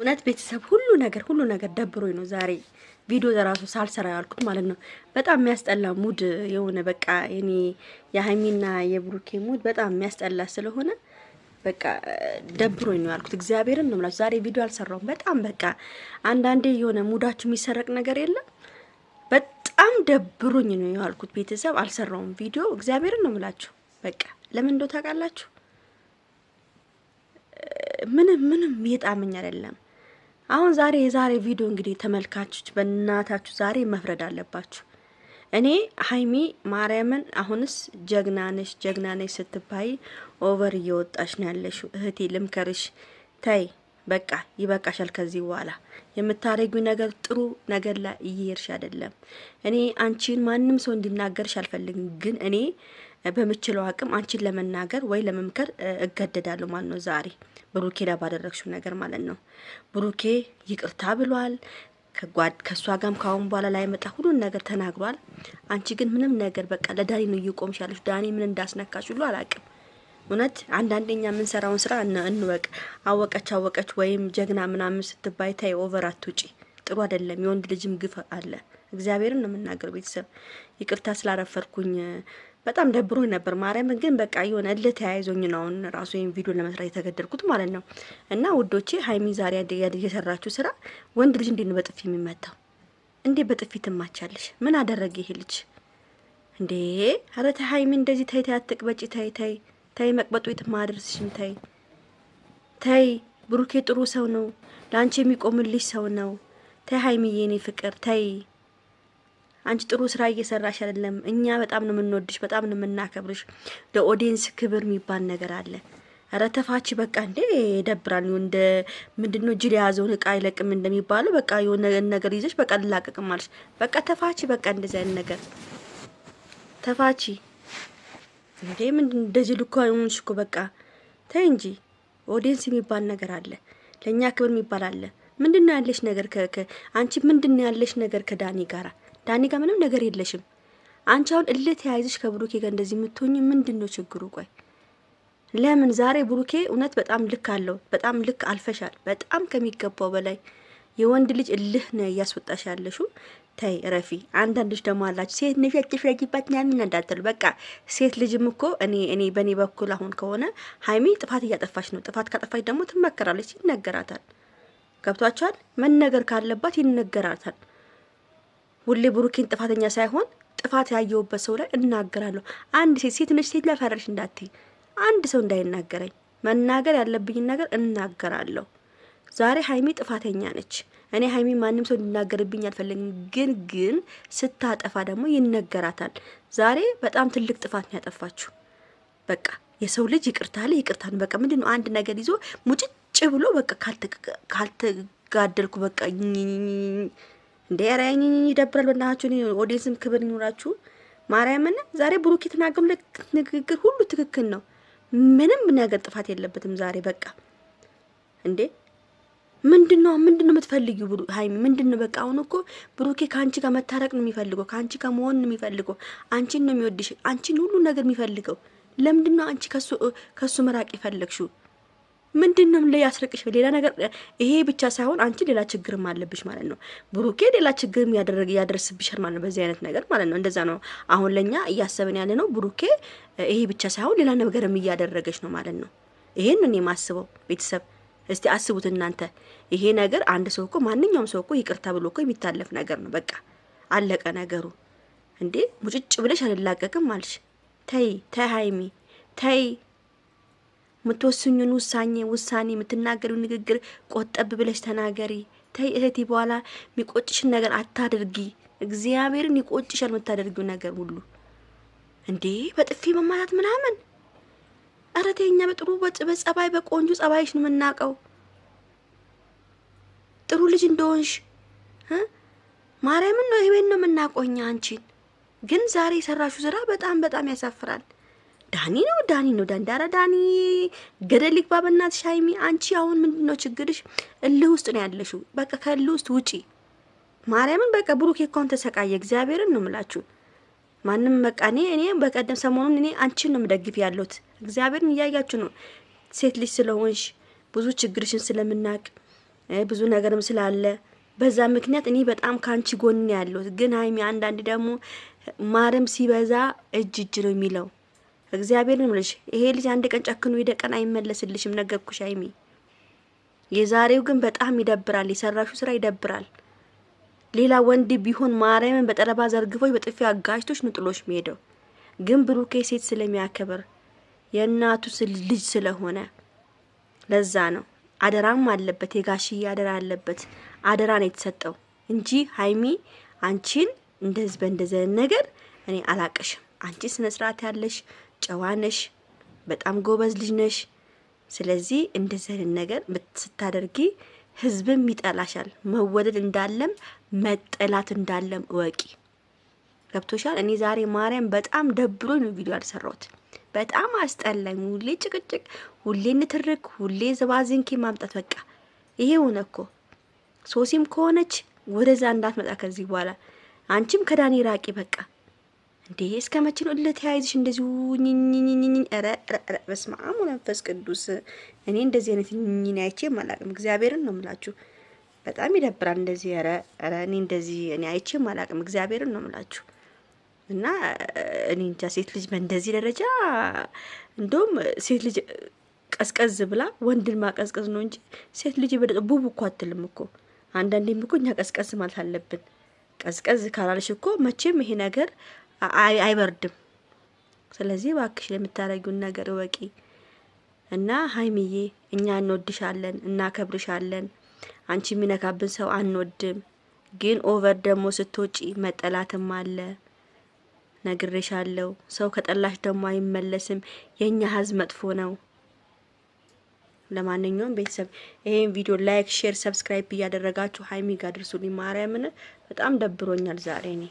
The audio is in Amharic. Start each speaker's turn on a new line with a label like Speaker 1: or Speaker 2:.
Speaker 1: እውነት ቤተሰብ ሁሉ ነገር ሁሉ ነገር ደብሮኝ ነው ዛሬ ቪዲዮ ራሱ ሳልሰራ ያልኩት ማለት ነው። በጣም የሚያስጠላ ሙድ የሆነ በቃ እኔ የሀይሚና የብሩኬ ሙድ በጣም የሚያስጠላ ስለሆነ በቃ ደብሮኝ ነው ያልኩት። እግዚአብሔርን ነው ምላችሁ ዛሬ ቪዲዮ አልሰራውም። በጣም በቃ አንዳንዴ የሆነ ሙዳችሁ የሚሰረቅ ነገር የለም። በጣም ደብሮኝ ነው ያልኩት። ቤተሰብ አልሰራውም ቪዲዮ እግዚአብሔርን ነው ምላችሁ። በቃ ለምን እንደው ታውቃላችሁ? ምንም ምንም የጣመኝ አይደለም አሁን ዛሬ የዛሬ ቪዲዮ እንግዲህ ተመልካቾች በእናታችሁ ዛሬ መፍረድ አለባችሁ። እኔ ሀይሚ ማርያምን አሁንስ ጀግና ነሽ ጀግና ነሽ ስትባይ ኦቨር እየወጣሽ ነው ያለሽው። እህቴ ልምከርሽ፣ ተይ በቃ ይበቃሻል። ከዚህ በኋላ የምታረጊው ነገር ጥሩ ነገር ላይ እየሄድሽ አይደለም። እኔ አንቺን ማንም ሰው እንዲናገርሽ አልፈልግም፣ ግን እኔ በምችለው አቅም አንቺን ለመናገር ወይ ለመምከር እገደዳለሁ ማለት ነው። ዛሬ ብሩኬ ላይ ባደረግሽው ነገር ማለት ነው። ብሩኬ ይቅርታ ብሏል። ከጓድ ከእሷ ጋም ከአሁን በኋላ ላይ መጣ ሁሉን ነገር ተናግሯል። አንቺ ግን ምንም ነገር በቃ ለዳኒ ነው እየቆምሽ ያለሽ። ዳኒ ምን እንዳስነካሽ ሁሉ አላቅም። እውነት አንዳንደኛ የምንሰራውን ስራ እንወቅ። አወቀች አወቀች ወይም ጀግና ምናምን ስትባይ ታይ ኦቨር አትውጪ። ጥሩ አይደለም። የወንድ ልጅም ግፍ አለ። እግዚአብሔርን ነው የምናገር። ቤተሰብ ይቅርታ ስላረፈርኩኝ በጣም ደብሮኝ ነበር። ማርያምን ግን በቃ የሆነ እልህ ተያይዞኝ ነው አሁን ራሱ ይሄን ቪዲዮ ለመስራት የተገደድኩት ማለት ነው። እና ውዶቼ ሀይሚ ዛሬ እየሰራችሁ ስራ ወንድ ልጅ እንዴት ነው በጥፊ የሚመታው? እንዴ በጥፊ ትማቻለሽ? ምን አደረገ ይሄ ልጅ እንዴ? ኧረ ተይ ሀይሚ እንደዚህ ተይ፣ ተይ አትቅበጪ፣ ተይ ተይ ተይ፣ መቅበጡ የትም አያደርስሽም። ተይ ተይ፣ ብሩኬ ጥሩ ሰው ነው፣ ለአንቺ የሚቆምልሽ ሰው ነው። ተይ ሀይሚዬ፣ የኔ ፍቅር ተይ። አንቺ ጥሩ ስራ እየሰራሽ አይደለም። እኛ በጣም ነው የምንወድሽ፣ በጣም ነው የምናከብርሽ። ለኦዲየንስ ክብር የሚባል ነገር አለ። ኧረ ተፋች በቃ እንዴ ይደብራል። እንደ ምንድን ነው ጅል የያዘውን እቃ አይለቅም እንደሚባለው በቃ የሆነ ነገር ይዘሽ በቃ ልላቀቅም አለሽ። በቃ ተፋች በቃ እንደዚህ አይነት ነገር ተፋች። እንዴ ምንድን እንደዚህ ልኮ አይሆንሽ እኮ በቃ ተይ እንጂ። ኦዲየንስ የሚባል ነገር አለ፣ ለእኛ ክብር የሚባል አለ። ምንድን ነው ያለሽ ነገር አንቺ ምንድን ነው ያለሽ ነገር ከዳኒ ጋራ ዳኒ ጋር ምንም ነገር የለሽም። አንቺ አሁን እልህ ተያይዘሽ ከብሩኬ ጋር እንደዚህ የምትሆኝ ምንድን ነው ችግሩ? ቆይ ለምን ዛሬ ብሩኬ እውነት በጣም ልክ አለው። በጣም ልክ አልፈሻል። በጣም ከሚገባው በላይ የወንድ ልጅ እልህ ነው እያስወጣሽ ያለሹ። ተይ ረፊ። አንዳንድ ልጅ ደግሞ አላችሁ ሴት ነሽ ያጭፍያጅባት ያንን እንዳትሉ። በቃ ሴት ልጅም እኮ እኔ እኔ በእኔ በኩል አሁን ከሆነ ሀይሚ ጥፋት እያጠፋች ነው። ጥፋት ካጠፋች ደግሞ ትመከራለች፣ ይነገራታል። ገብቷቸዋል። መነገር ካለባት ይነገራታል። ሁሌ ብሩኬን ጥፋተኛ ሳይሆን ጥፋት ያየውበት ሰው ላይ እናገራለሁ። አንድ ሴት ሴት ነች ሴት ላይ ፈረድሽ እንዳትይ፣ አንድ ሰው እንዳይናገረኝ መናገር ያለብኝን ነገር እናገራለሁ። ዛሬ ሀይሚ ጥፋተኛ ነች። እኔ ሀይሚ ማንም ሰው እንዲናገርብኝ አልፈለግም። ግን ግን ስታጠፋ ደግሞ ይነገራታል። ዛሬ በጣም ትልቅ ጥፋት ነው ያጠፋችሁ። በቃ የሰው ልጅ ይቅርታ አለ ይቅርታ ነው በቃ ምንድን ነው አንድ ነገር ይዞ ሙጭጭ ብሎ በቃ ካልተጋደልኩ በቃ እንዴ ራይኝ ይደብራል። በእናታችሁ እኔ ኦዲየንስም ክብር ይኑራችሁ። ማርያምን ዛሬ ብሩክ የተናገረው ንግግር ሁሉ ትክክል ነው። ምንም ነገር ጥፋት የለበትም። ዛሬ በቃ እንዴ ምንድን ነው ምንድን ነው የምትፈልጊው? ብሩ ሀይሚ ምንድን ነው በቃ አሁን እኮ ብሩኬ ከአንቺ ጋር መታረቅ ነው የሚፈልገው፣ ከአንቺ ጋር መሆን ነው የሚፈልገው። አንቺን ነው የሚወድሽ፣ አንቺን ሁሉ ነገር የሚፈልገው። ለምንድን ነው አንቺ ከሱ መራቅ የፈለግሽው? ምንድን ነው ላይ ያስረቅሽ? ሌላ ነገር ይሄ ብቻ ሳይሆን አንቺ ሌላ ችግርም አለብሽ ማለት ነው። ብሩኬ ሌላ ችግርም ያደረገ ያደርስብሻል ማለት ነው። በዚህ አይነት ነገር ማለት ነው። እንደዛ ነው አሁን ለእኛ እያሰብን ያለ ነው። ብሩኬ ይሄ ብቻ ሳይሆን ሌላ ነገርም እያደረገች ነው ማለት ነው። ይሄን ነው የማስበው ቤተሰብ እስቲ አስቡት እናንተ። ይሄ ነገር አንድ ሰው እኮ ማንኛውም ሰው እኮ ይቅርታ ብሎ እኮ የሚታለፍ ነገር ነው። በቃ አለቀ ነገሩ። እንዴ ሙጭጭ ብለሽ አልላቀቅም አልሽ። ተይ ተይ ሀይሚ ተይ የምትወስኙን ውሳኔ ውሳኔ የምትናገሩ ንግግር ቆጠብ ብለሽ ተናገሪ። ተይ እህቴ፣ በኋላ የሚቆጭሽን ነገር አታድርጊ። እግዚአብሔርን ይቆጭሻል የምታደርጊው ነገር ሁሉ። እንዴ በጥፊ መማታት ምናምን ኧረ ተይ፣ እኛ በጥሩ በጸባይ በቆንጆ ጸባይሽ ነው የምናውቀው። ጥሩ ልጅ እንደሆንሽ ማርያምን ነው ይሄን ነው የምናውቀው እኛ አንቺን። ግን ዛሬ የሰራሹ ስራ በጣም በጣም ያሳፍራል። ዳኒ ነው ዳኒ ነው ዳኒ ዳኒ ገደል ይግባ በእናትሽ ሀይሚ። አንቺ አሁን ምንድን ነው ችግርሽ? እልህ ውስጥ ነው ያለሽው። በቃ ከእልህ ውስጥ ውጪ። ማርያምን በቃ ብሩኬ እኮን ተሰቃየ። እግዚአብሔርን ነው የምላችሁ ማንም በቃ እኔ እኔ በቀደም ሰሞኑን እኔ አንቺን ነው የምደግፍ ያለሁት። እግዚአብሔርን እያያችሁ ነው። ሴት ልጅ ስለሆንሽ ብዙ ችግርሽን ስለምናቅ ብዙ ነገርም ስላለ በዛ ምክንያት እኔ በጣም ከአንቺ ጎን ያለሁት። ግን ሀይሚ አንዳንድ ደግሞ ማርም ሲበዛ እጅ እጅ ነው የሚለው እግዚአብሔርን ምልሽ ይሄ ልጅ አንድ ቀን ጨክኖ ሄደ ቀን አይመለስልሽም። ነገርኩሽ አይሚ። የዛሬው ግን በጣም ይደብራል። የሰራሹ ስራ ይደብራል። ሌላ ወንድ ቢሆን ማርያምን በጠረባ ዘርግፎች በጥፊ አጋጅቶች ነው ጥሎሽ ግን ብሩኬ ሴት ስለሚያከብር የእናቱ ልጅ ስለሆነ ለዛ ነው። አደራም አለበት የጋሽዬ አደራ አለበት። አደራ ነው የተሰጠው እንጂ ሀይሚ አንቺን እንደዚህ በእንደዚህ ነገር እኔ አላቅሽም። አንቺ ስነ ስርዓት ያለሽ ጨዋነሽ፣ በጣም ጎበዝ ልጅ ነሽ። ስለዚህ እንደዚህ አይነት ነገር ስታደርጊ ህዝብም ይጠላሻል። መወደድ እንዳለም መጠላት እንዳለም እወቂ። ገብቶሻል። እኔ ዛሬ ማርያም በጣም ደብሮ ነው ቪዲዮ ያልሰራሁት። በጣም አስጠላኝ። ሁሌ ጭቅጭቅ፣ ሁሌ ንትርክ፣ ሁሌ ዘባዝንኪ ማምጣት በቃ ይሄ ሆነ እኮ። ሶሲም ከሆነች ወደዛ እንዳትመጣ ከዚህ በኋላ አንቺም ከዳኒ ራቂ በቃ። እንዴ እስከ መቼ ነው ለተያይዝሽ እንደዚሁ ኝኝኝኝኝ? ኧረ በስመ አብ ወመንፈስ ቅዱስ። እኔ እንደዚህ አይነት ኝኝኝ አይቼ አላቅም። እግዚአብሔርን ነው የምላችሁ። በጣም ይደብራል እንደዚህ። ረ ረ እኔ እንደዚህ እኔ አይቼ አላቅም። እግዚአብሔርን ነው የምላችሁ። እና እኔ እንጃ ሴት ልጅ በእንደዚህ ደረጃ እንደውም ሴት ልጅ ቀዝቀዝ ብላ ወንድን ማቀዝቀዝ ነው እንጂ ሴት ልጅ በደ ቡቡ እኮ አትልም እኮ አንዳንዴም እኮ እኛ ቀዝቀዝ ማለት አለብን። ቀዝቀዝ ካላልሽ እኮ መቼም ይሄ ነገር አይበርድም። ስለዚህ እባክሽ ለምታደርጊውን ነገር እወቂ እና ሀይሚዬ፣ እኛ እንወድሻለን፣ እናከብርሻለን። አንቺ የሚነካብን ሰው አንወድም፣ ግን ኦቨር ደግሞ ስትወጪ መጠላትም አለ። ነግሬሻለሁ። ሰው ከጠላሽ ደግሞ አይመለስም። የእኛ ህዝብ መጥፎ ነው። ለማንኛውም ቤተሰብ ይሄን ቪዲዮ ላይክ፣ ሼር፣ ሰብስክራይብ እያደረጋችሁ ሀይሚ ጋር ድርሱልኝ። ማርያምን በጣም ደብሮኛል ዛሬ እኔ